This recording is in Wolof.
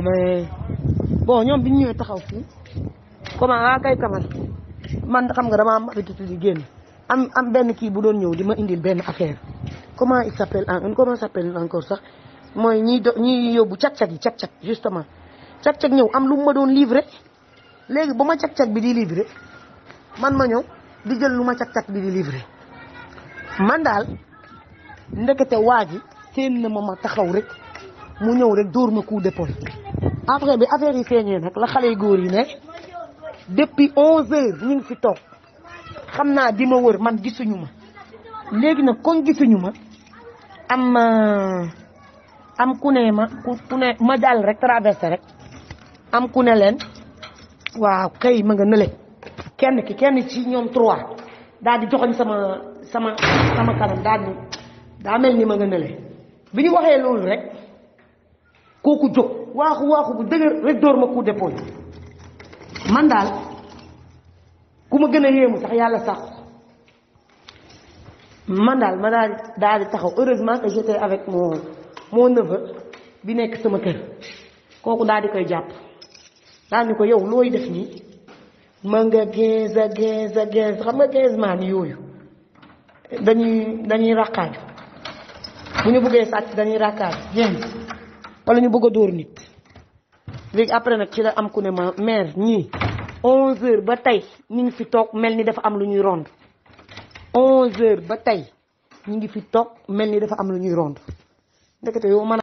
mais bon ñoom bi ñu taxaw fii comment ah kay kamal man xam nga dama am habitude di génn am am benn kii bu doon ñëw di ma indil benn affaire comment il s'appelle en comment s'appelle encore sax mooy ñiy do ñiy yóbbu cag-cag yi cag-cag justement cag-cag ñëw am lu ma doon livré léegi ba ma cag-cag bi di livré man ma ñëw di jël lu ma cag-cag bi di livré man daal ndekete waa ji seen na ma ma taxaw rek mu ñëw rek dóor ma coup d'épaule après bi affaire yi feeñee nag la xale yu góor yi ne depuis 11h ñu fi toog xam naa di ma wër man gisuñu ma léegi nag kon gisuñu ma am euh, am ku ne ma ku ne ma jàll rek traversé rek am ku ne leen waaw kay ma nga nële kenn ki kenn ci ñoom trois daal di joxoñ sama sama sama kanam daal di daa mel ni ma nga nële bi ñu waxee loolu rek. kooku jóg waaxu waaxu bu dëgër rek dóor ma coup d'épaule man daal ku ma gën a yéemu sax yàlla sax man daal ma daal daal di taxaw heureusement que j'étais avec mon mon neveu bi nekk sama kër kooku daal di koy jàpp daal ni ko yow looy def nii ma nga gees a gees xam nga gees maan yooyu dañuy dañuy ràqaaju bu ñu bëggee sàcc dañuy ràqaaju génn wala ñu bëgg a dóor nit léegi après nag ci la am ku ne ma mère ñii 11h ba tey ñu ngi fi toog mel ni dafa am lu ñuy rond 11h ba tey ñu ngi fi toog mel ni dafa am lu ñuy rond ndekete yow man